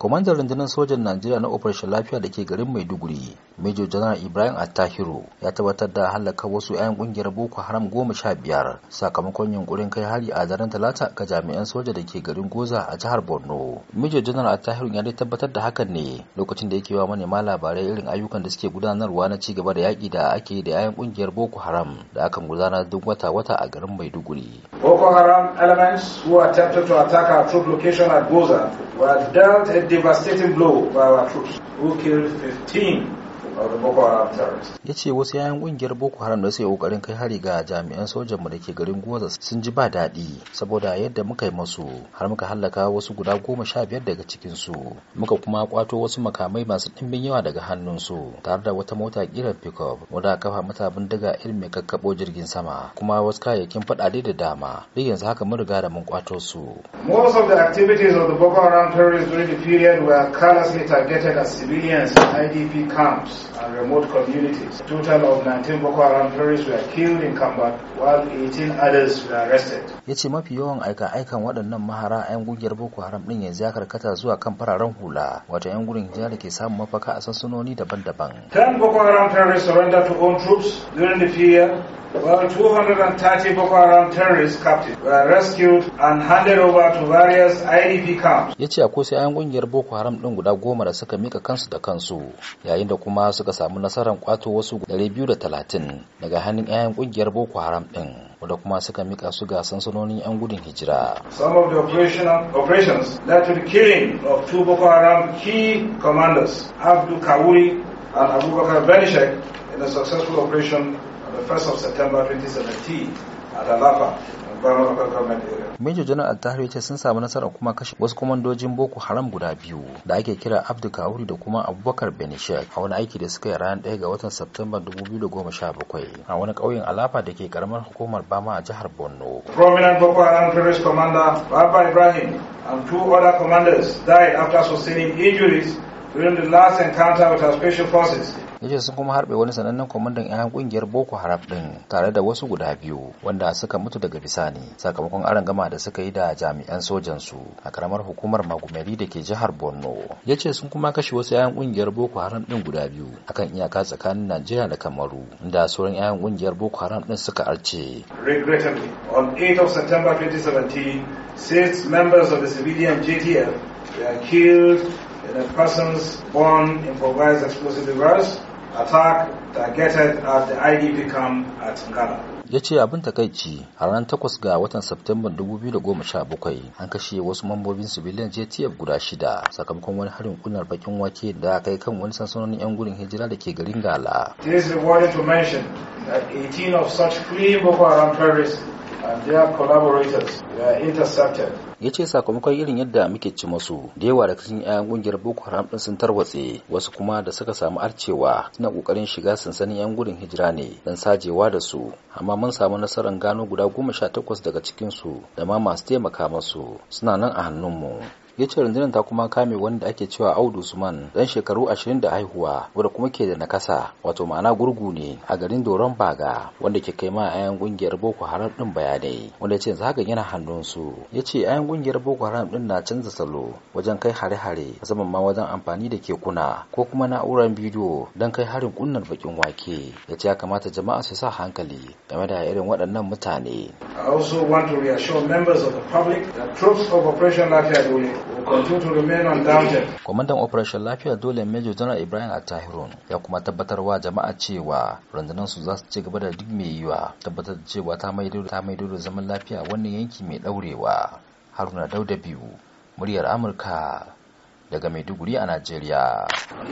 Komandan rundunar sojan najeriya na operation lafiya da ke garin maiduguri major general ibrahim attahiru ya tabbatar da halaka wasu 'yan kungiyar boko haram goma sha biyar sakamakon yunkurin kai hari a daren talata ga jami'an soja da ke garin goza a jihar borno major general attahiru ya dai tabbatar da hakan ne lokacin da yake wa manema labarai irin ayyukan da suke gudanarwa na ci gaba da yaƙi da ake yi da 'ya'yan kungiyar boko haram da akan gudanar duk wata-wata a garin maiduguri boko haram elements who attempted to attack our troop location at goza were dealt a devastating blow by our troops, who killed 15 ya ce wasu yayan kungiyar boko haram da yi kokarin kai hari ga jami'an sojanmu da ke garin goza sun ji ba daɗi saboda yadda muka yi masu har muka hallaka wasu guda goma sha biyar daga cikinsu muka kuma kwato wasu makamai masu ɗimbin yawa daga hannunsu tare da wata mota kiran pickup wadda kafa mata bindiga irin mai kakkaɓo jirgin sama kuma wasu kayayyakin faɗaɗe da dama duk yanzu haka mun riga da mun kwato su. Most of the activities of the Boko Haram terrorists during the period were callously targeted at civilians in IDP camps. remote communities. A total of 19 Boko Haram terrorists were killed in combat while 18 others were arrested. Ya ce mafi yawan aika-aikan waɗannan mahara 'yan gungiyar Boko Haram ɗin yanzu ya karkata zuwa kan fararen hula wato 'yan gudun hijira da ke samun mafaka a sansanoni daban-daban. Ten Boko Haram terrorists surrendered to own troops during the fear Well, 230 Boko Haram terrorist captives were rescued and handed over to various IDP camps. Ya ce akwai sai an kungiyar Boko Haram ɗin guda goma da suka mika kansu da kansu yayin da kuma suka samu nasarar kwato wasu 230 daga hannun 'ya'yan kungiyar Boko Haram ɗin. wadda kuma suka mika su ga sansanonin 'yan gudun hijira. Some of the operational operations led to the killing of two Boko Haram key commanders, Abdul Kawuri and Abubakar Benishek in a successful operation 1st of September 2017 at Alapa, Major General Altahri ce sun samu nasara kuma kashe wasu kwamandojin Boko Haram guda biyu da ake kira Abdu da kuma Abubakar Benishek a wani aiki da suka yi ran 1 ga watan Satumba 2017 a wani ƙauyen Alafa da ke karamar hukumar Bama a jihar Borno. Prominent Boko Haram terrorist commander Baba Ibrahim and two other commanders died after sustaining injuries during the last encounter with our special forces. yace sun kuma harbe wani sanannen kwamandan 'yan kungiyar boko haram din tare da wasu guda biyu wanda suka mutu daga bisani sakamakon aron gama da suka yi da jami'an sojan su a karamar hukumar magumeri da ke jihar borno yace sun kuma kashe wasu 'yan kungiyar boko haram din guda biyu akan iyaka tsakanin najeriya da kamaru da sauran 'yan kungiyar boko haram din suka arce on 8 of september 2017 six members of the civilian jtf were killed that persons born improvised explosive device attack targeted at the IDP camp at Ngala. ya ce abin takaici a ranar takwas ga watan Septembar 2017 an kashe wasu mambobin civilian JTF guda shida sakamakon wani harin kunar bakin wake da aka kai kan wani sansanonin 'yan gudun hijira da ke garin Gala. It is important to mention that 18 of such free Boko Haram terrorists yace ya ce sakamakon irin yadda muke ci masu da yawa daga cikin 'ya'yan kungiyar boko haram din sun tarwatse wasu kuma da suka samu arcewa suna kokarin shiga sansanin 'yan gudun hijira ne don sajewa da su amma mun samu nasarar gano guda goma sha takwas daga cikinsu da ma masu taimaka masu suna nan a hannunmu ya ce rundunar ta kuma kame wanda ake cewa audu usman dan shekaru ashirin da haihuwa wanda kuma ke da nakasa wato ma'ana gurgu ne a garin doron baga wanda ke kai ma ayan kungiyar boko haram din bayanai wanda ce yanzu yana hannun su ya ce ayan kungiyar boko haram din na canza salo wajen kai hare-hare musamman ma wajen amfani da kekuna ko kuma na'urar bidiyo don kai harin kunnar bakin wake ya ce ya kamata jama'a su sa hankali game da irin waɗannan mutane. I also want to reassure members of the public that troops of Operation Lafiya will Kwamandan Operation Lafiya Dole Major General Ibrahim Atahirun ya kuma tabbatar wa jama'a cewa rundunar su za su ci gaba da duk mai yiwa tabbatar da cewa ta maido ta maido da zaman lafiya wannan yanki mai daurewa. Haruna Dauda biyu muryar Amurka daga Maiduguri a Najeriya.